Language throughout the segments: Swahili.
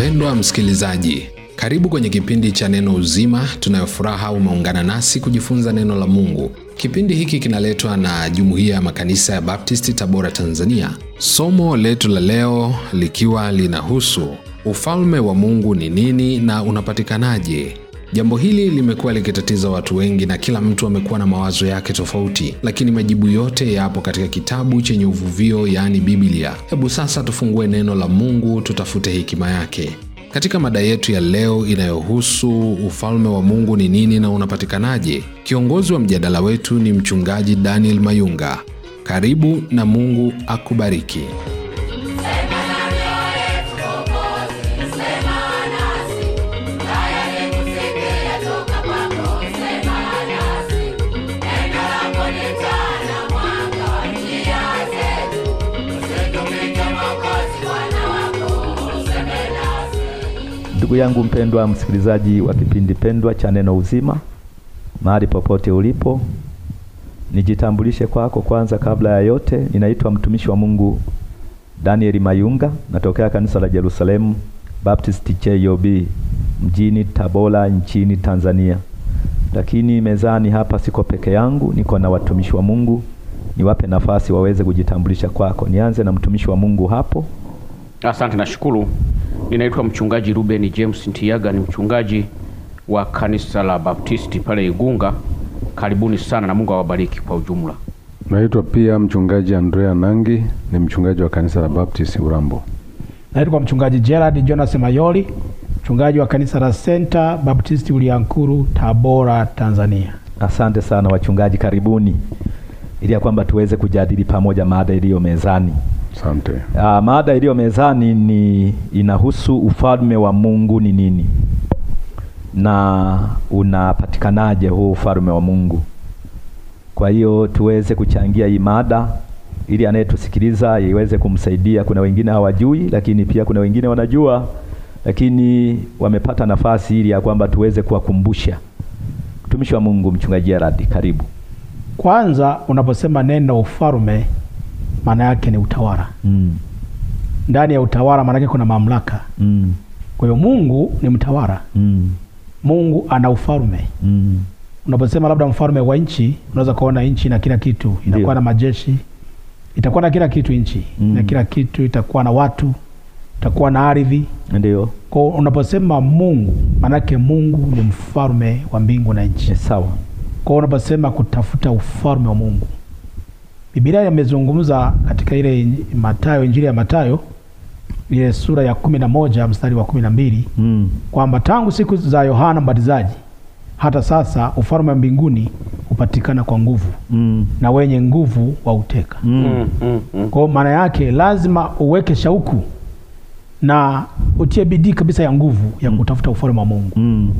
Mpendwa msikilizaji, karibu kwenye kipindi cha Neno Uzima. Tunayofuraha umeungana nasi kujifunza neno la Mungu. Kipindi hiki kinaletwa na Jumuiya ya Makanisa ya Baptisti, Tabora, Tanzania. Somo letu la leo likiwa linahusu ufalme wa Mungu ni nini na unapatikanaje? Jambo hili limekuwa likitatiza watu wengi na kila mtu amekuwa na mawazo yake tofauti, lakini majibu yote yapo katika kitabu chenye uvuvio, yaani Biblia. Hebu sasa tufungue neno la Mungu, tutafute hekima yake katika mada yetu ya leo inayohusu ufalme wa Mungu ni nini na unapatikanaje. Kiongozi wa mjadala wetu ni Mchungaji Daniel Mayunga. Karibu na Mungu akubariki. Ndugu yangu mpendwa, msikilizaji wa kipindi pendwa cha Neno Uzima, mahali popote ulipo, nijitambulishe kwako kwanza kabla ya yote. Ninaitwa mtumishi wa Mungu Daniel Mayunga, natokea kanisa la Jerusalemu Baptist CHOB mjini Tabora nchini Tanzania, lakini mezani hapa siko peke yangu, niko na watumishi wa Mungu. Niwape nafasi waweze kujitambulisha kwako. Nianze na mtumishi wa Mungu hapo. Asante, nashukuru. Ninaitwa mchungaji Ruben James Ntiyaga, ni mchungaji wa kanisa la Baptisti pale Igunga. Karibuni sana na Mungu awabariki kwa ujumla. Naitwa pia mchungaji Andrea Nangi, ni mchungaji wa kanisa la Baptisti Urambo. Naitwa mchungaji Gerard Jonas Mayoli, mchungaji wa kanisa la Center Baptisti Uliankuru, Tabora, Tanzania. Asante sana wachungaji, karibuni ili ya kwamba tuweze kujadili pamoja mada iliyo mezani. Asante. Ah, mada iliyo mezani ni inahusu ufalme wa Mungu ni nini na unapatikanaje huu ufalme wa Mungu. Kwa hiyo tuweze kuchangia hii mada ili anayetusikiliza iweze kumsaidia. Kuna wengine hawajui, lakini pia kuna wengine wanajua, lakini wamepata nafasi ili ya kwamba tuweze kuwakumbusha. Mtumishi wa Mungu, mchungaji Aradi, karibu. Kwanza unaposema neno ufalme maana yake ni utawala mm. ndani ya utawala maana yake kuna mamlaka mm. kwa hiyo Mungu ni mtawala mm. Mungu ana ufalme mm. unaposema labda mfalme wa nchi unaweza kuona nchi na kila kitu inakuwa na majeshi itakuwa na kila kitu nchi mm. na kila kitu itakuwa na watu itakuwa na ardhi ndio kwa unaposema Mungu yake Mungu ni mfalme wa mbingu na nchi sawa kwa unaposema kutafuta ufalme wa Mungu Biblia imezungumza katika ile Mathayo, injili ya Mathayo ile sura ya kumi na moja mstari wa kumi na mbili mm. kwamba tangu siku za Yohana Mbatizaji hata sasa ufalme wa mbinguni hupatikana kwa nguvu mm. na wenye nguvu wauteka mm. mm. mm. mm. Kwa maana yake lazima uweke shauku na utie bidii kabisa ya nguvu ya mm. kutafuta ufalme wa Mungu mm.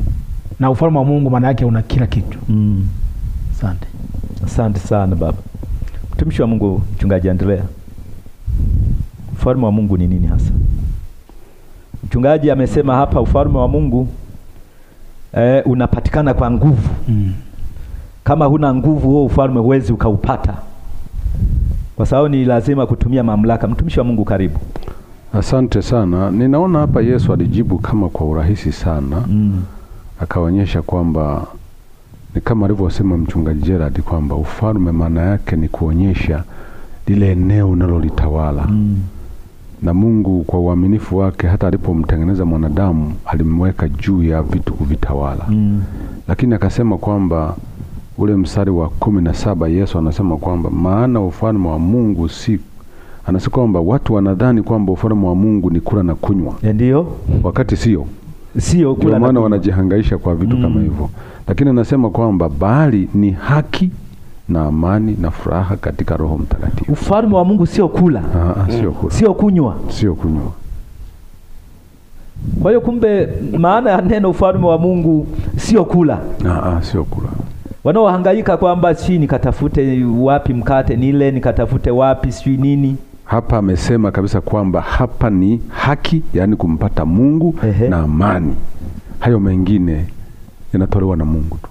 na ufalme wa Mungu maana yake una kila kitu mm. Asante, asante sana baba. Mtumishi wa Mungu, mchungaji Andrea, ufalme wa Mungu ni nini hasa? Mchungaji amesema hapa ufalme wa Mungu eh, unapatikana kwa nguvu mm. Kama huna nguvu, huo ufalme huwezi ukaupata, kwa sababu ni lazima kutumia mamlaka. Mtumishi wa Mungu, karibu. Asante sana. Ninaona hapa Yesu alijibu kama kwa urahisi sana mm. Akaonyesha kwamba ni kama alivyosema mchungaji Gerard kwamba ufalme maana yake ni kuonyesha lile eneo unalolitawala mm. Na Mungu kwa uaminifu wake hata alipomtengeneza mwanadamu alimweka juu ya vitu kuvitawala mm. Lakini akasema kwamba ule msari wa kumi na saba Yesu anasema kwamba maana ufalme wa Mungu si anasema kwamba watu wanadhani kwamba ufalme wa Mungu ni kula na kunywa. Eh, ndio. Wakati sio. Sio kwa maana wanajihangaisha kwa vitu mm. kama hivyo lakini anasema kwamba bali ni haki na amani na furaha katika Roho Mtakatifu. Ufalme wa Mungu sio kula, ah, ah, sio kula, sio kunywa, sio kunywa. Kwa hiyo kumbe, maana ya neno ufalme wa Mungu sio kula, ah, sio kula. Wanaohangaika kwamba si nikatafute wapi mkate nile, nikatafute wapi si nini hapa amesema kabisa kwamba hapa ni haki, yaani kumpata Mungu Ehe. na amani, hayo mengine yanatolewa na Mungu tu,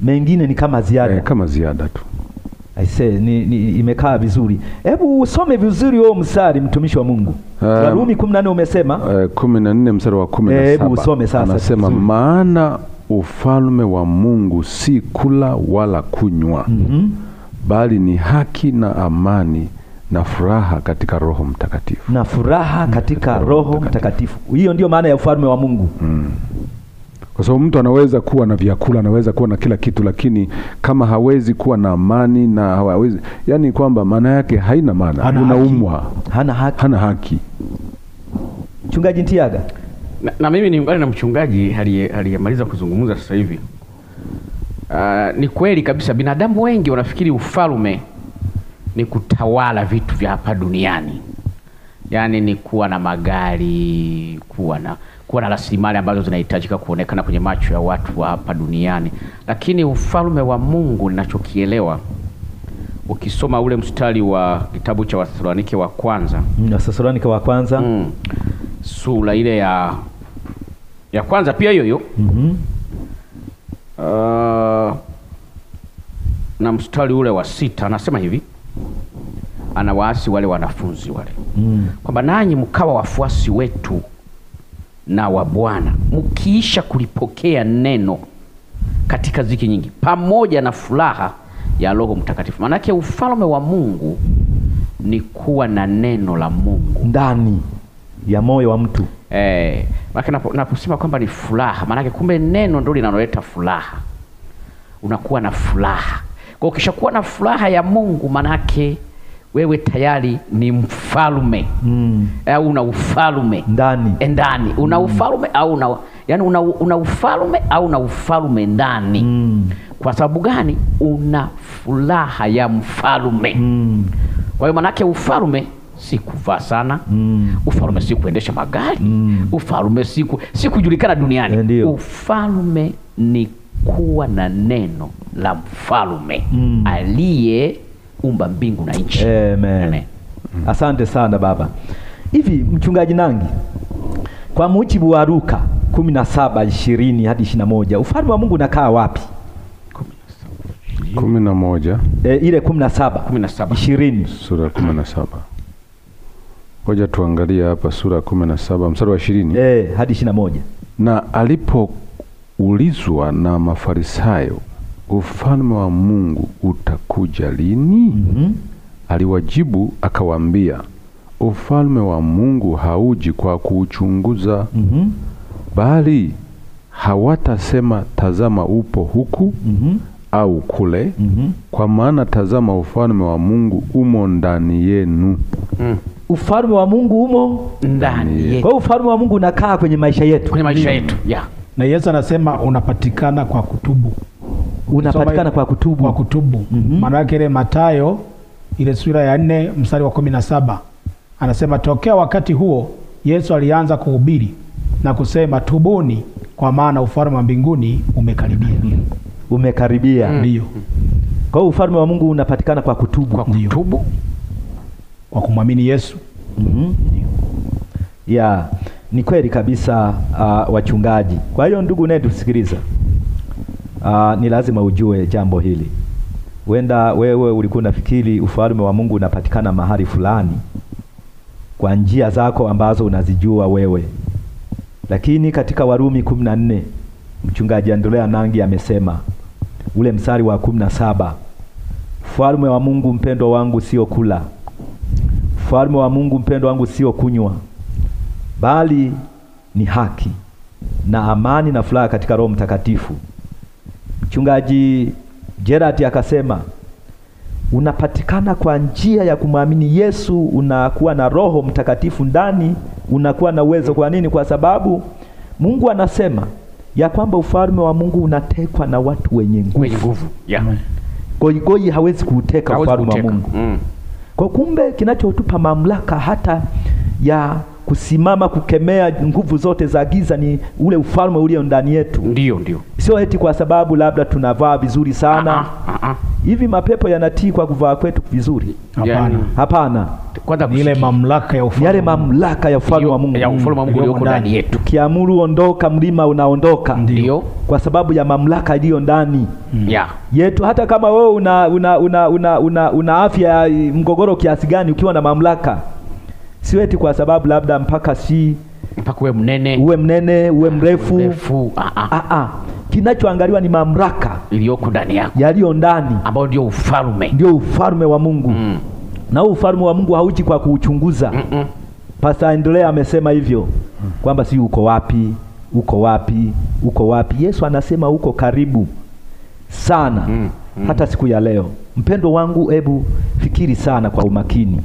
mengine ni kama ziada e, kama ziada tu. I say, ni, ni imekaa vizuri. Hebu usome vizuri huo msari mtumishi wa Mungu. Eh, Warumi Um, 14 umesema? Uh, 14 msari wa 17. Eh, hebu usome sasa. Anasema maana ufalme wa Mungu si kula wala kunywa. Mm -hmm. Bali ni haki na amani na furaha katika Roho Mtakatifu. Na furaha katika, katika Roho Mtakatifu. Hiyo ndio maana ya ufalme wa Mungu. Mm kwa sababu mtu anaweza kuwa na vyakula, anaweza kuwa na kila kitu, lakini kama hawezi kuwa na amani na hawezi, yani kwamba maana yake haina maana, unaumwa, hana haki, hana haki. Mchungaji Ntiaga na, na mimi niungane na mchungaji aliyemaliza kuzungumza sasa hivi. Uh, ni kweli kabisa, binadamu wengi wanafikiri ufalme ni kutawala vitu vya hapa duniani yani ni kuwa na magari, kuwa na kuwa na rasilimali ambazo zinahitajika kuonekana kwenye macho ya watu wa hapa duniani. Lakini ufalme wa Mungu ninachokielewa, ukisoma ule mstari wa kitabu cha Wathesalonike wa kwanza, mm, Wathesalonike wa kwanza mm, sura ile ya ya kwanza pia hiyo hiyo mm -hmm. uh, na mstari ule wa sita anasema hivi anawaasi wale wanafunzi wale mm. kwamba nanyi mkawa wafuasi wetu na wa Bwana mkiisha kulipokea neno katika ziki nyingi pamoja na furaha ya Roho Mtakatifu. Maanake ufalme wa Mungu ni kuwa na neno la Mungu ndani ya moyo wa mtu eh, naposema kwamba ni furaha, maanake kumbe neno ndio linaloleta furaha. Unakuwa na furaha kwa, ukishakuwa na furaha ya Mungu maanake wewe tayari ni mfalume mm. au una ufalume ndani eh, ndani una mm. ufalume au una, yani una, una ufalume au una ufalume ndani mm. kwa sababu gani? Una furaha ya mfalume mm. kwa hiyo manake ufalume si kuvaa sana mm. ufalume si kuendesha magari mm. ufalume si ku, si kujulikana duniani eh, Ndiyo. ufalume ni kuwa na neno la mfalume mm. aliye kuumba mbingu na nchi. Amen. Mm-hmm. Asante sana baba. Hivi mchungaji Nangi, kwa mujibu wa Luka kumi na saba ishirini hadi ishirini na moja ufalme wa Mungu unakaa wapi? kumi na moja e, ile kumi na saba ishirini sura kumi na saba Ngoja tuangalie hapa sura kumi na saba mstari wa ishirini e, hadi ishirini na moja Na alipoulizwa na Mafarisayo ufalme wa Mungu utakuja lini? mm -hmm. Aliwajibu akawaambia, ufalme wa Mungu hauji kwa kuuchunguza mm -hmm. bali hawatasema tazama, upo huku mm -hmm. au kule mm -hmm. kwa maana tazama, ufalme wa Mungu umo ndani yenu mm. Ufalme wa Mungu umo ndani yetu. Kwa hiyo ufalme wa Mungu unakaa kwenye maisha yetu, kwenye maisha yetu yeah. Na Yesu anasema unapatikana kwa kutubu unapatikana kwa kutubu, kwa kutubu. Mm -hmm. Maana yake ile Mathayo ile sura ya nne mstari wa kumi na saba anasema tokea wakati huo Yesu alianza kuhubiri na kusema, tubuni kwa maana ufalme wa mbinguni umekaribia. Umekaribia, mm. ndio. Mm. Kwa hiyo ufalme wa Mungu unapatikana kwa kutubu, kwa kutubu, kwa kumwamini Yesu. Mm -hmm. Ya, ni kweli kabisa, uh, wachungaji. Kwa hiyo ndugu, unayetusikiliza uh, ni lazima ujue jambo hili. Wenda wewe ulikuwa unafikiri ufalme wa Mungu unapatikana mahali fulani kwa njia zako ambazo unazijua wewe, lakini katika Warumi kumi na nne mchungaji Andrea Nangi amesema ule msari wa kumi na saba ufalme wa Mungu mpendwa wangu sio kula, ufalme wa Mungu mpendwa wangu sio kunywa, bali ni haki na amani na furaha katika Roho Mtakatifu Mchungaji Gerard akasema unapatikana kwa njia ya kumwamini Yesu, unakuwa na Roho Mtakatifu ndani, unakuwa na uwezo. Kwa nini? Kwa sababu Mungu anasema ya kwamba ufalme wa Mungu unatekwa na watu wenye nguvu. Yeah. Goigoi hawezi kuuteka ufalme wa Mungu. Mm. Kwa kumbe kinachotupa mamlaka hata ya kusimama kukemea nguvu zote za giza ni ule ufalme ulio ndani yetu. Ndio, ndio, sio eti kwa sababu labda tunavaa vizuri sana ah, ah, ah, hivi. Mapepo yanatii kwa kuvaa kwetu vizuri? Hapana, hapana, ile mamlaka ya ufalme, yale mamlaka ya ufalme wa Mungu, ya ufalme wa Mungu ulio ndani yetu. Kiamuru ondoka, mlima unaondoka. Ndio, kwa sababu ya mamlaka iliyo ndani hmm. yetu. Hata kama wewe una una una, una, una, una afya mgogoro kiasi gani, ukiwa na mamlaka siweti kwa sababu labda mpaka si mpaka uwe mnene uwe mnene uwe ah, mrefu, mrefu. Ah, ah. Kinachoangaliwa ni mamlaka iliyoko ndani yako, yaliyo ndani ambayo ndio ufalme, ndio ufalme wa Mungu mm. na huu ufalme wa Mungu hauji kwa kuuchunguza mm -mm. Pastor Andrea amesema hivyo kwamba si uko wapi, uko wapi, uko wapi. Yesu anasema uko karibu sana mm. Mm. hata siku ya leo. Mpendo wangu, hebu fikiri sana kwa umakini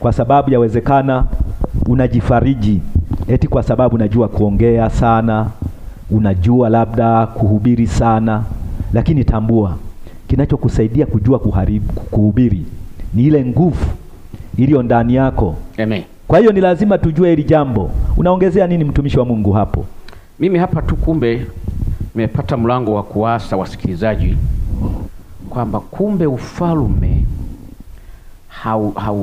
kwa sababu yawezekana unajifariji eti kwa sababu unajua kuongea sana, unajua labda kuhubiri sana, lakini tambua kinachokusaidia kujua kuharibu, kuhubiri ni ile nguvu iliyo ndani yako. Amen. Kwa hiyo ni lazima tujue hili jambo. Unaongezea nini mtumishi wa Mungu hapo? Mimi hapa tu kumbe nimepata mlango wa kuasa wasikilizaji kwamba kumbe ufalme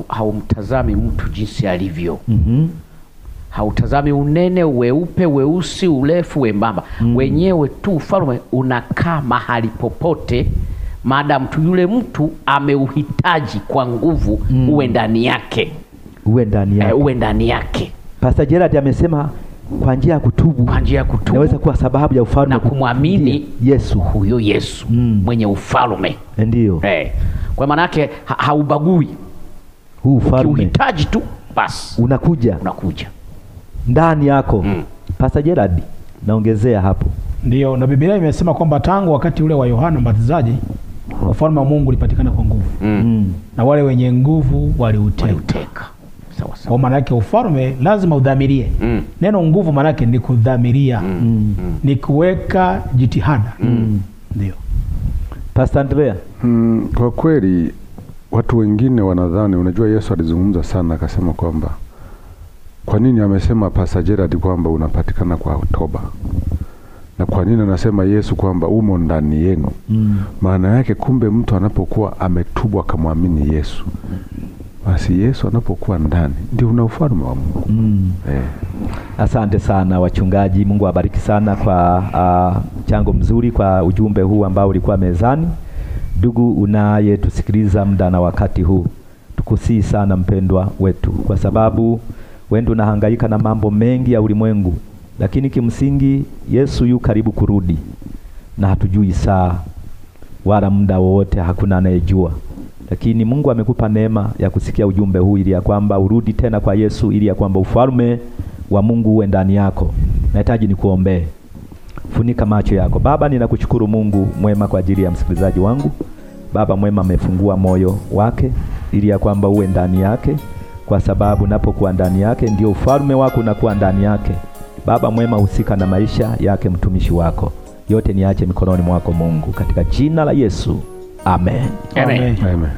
haumtazami hau, hau mtu jinsi alivyo mm -hmm. hautazami unene, weupe, weusi, urefu, wembamba mm -hmm. wenyewe tu ufalme unakaa mahali popote maadamu tu yule mtu ameuhitaji kwa nguvu mm. uwe ndani yake, uwe ndani eh, yake, uwe ndani yake. Pastor Gerard amesema kwa njia ya kutubu, kwa njia ya kutubu naweza kuwa sababu ya ufalme na kumwamini Yesu, huyo Yesu mm. mwenye ufalme, eh, ndio eh. Kwa maana yake ha haubagui huu ufalme uhitaji tu basi unakuja, unakuja ndani yako mm. Pastor Gerard, naongezea hapo ndio, na Biblia imesema kwamba tangu wakati ule wa Yohana Mbatizaji ufalme wa Mungu ulipatikana kwa nguvu mm. na wale wenye nguvu waliuteka. Kwa maana yake ufalme lazima udhamirie mm. neno nguvu maana yake ni kudhamiria mm. mm. ni kuweka jitihada mm. ndio Pastor Andrea mm, kwa kweli watu wengine wanadhani, unajua Yesu alizungumza sana akasema kwamba kwa nini amesema Pastor di kwamba unapatikana kwa toba na kwa nini anasema Yesu kwamba umo ndani yenu? Mm. Maana yake kumbe, mtu anapokuwa ametubwa akamwamini Yesu, basi Yesu anapokuwa ndani ndio una ufalme wa Mungu mm. eh. Asante sana wachungaji, Mungu awabariki sana kwa ah, mchango chango mzuri kwa ujumbe huu ambao ulikuwa mezani. Ndugu unayetusikiliza muda na wakati huu, tukusii sana mpendwa wetu, kwa sababu wewe unahangaika na mambo mengi ya ulimwengu, lakini kimsingi Yesu yu karibu kurudi, na hatujui saa wala muda wowote, hakuna anayejua. Lakini Mungu amekupa neema ya kusikia ujumbe huu, ili ya kwamba urudi tena kwa Yesu, ili ya kwamba ufalme wa Mungu uwe ndani yako. Nahitaji nikuombee. Funika macho yako. Baba, ninakushukuru Mungu mwema kwa ajili ya msikilizaji wangu. Baba mwema, amefungua moyo wake ili ya kwamba uwe ndani yake, kwa sababu napokuwa ndani yake ndio ufalme wako unakuwa ndani yake. Baba mwema, husika na maisha yake mtumishi wako, yote niache mikononi mwako Mungu, katika jina la Yesu, amen, amen. amen. amen.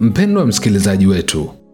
Mpendwa msikilizaji wetu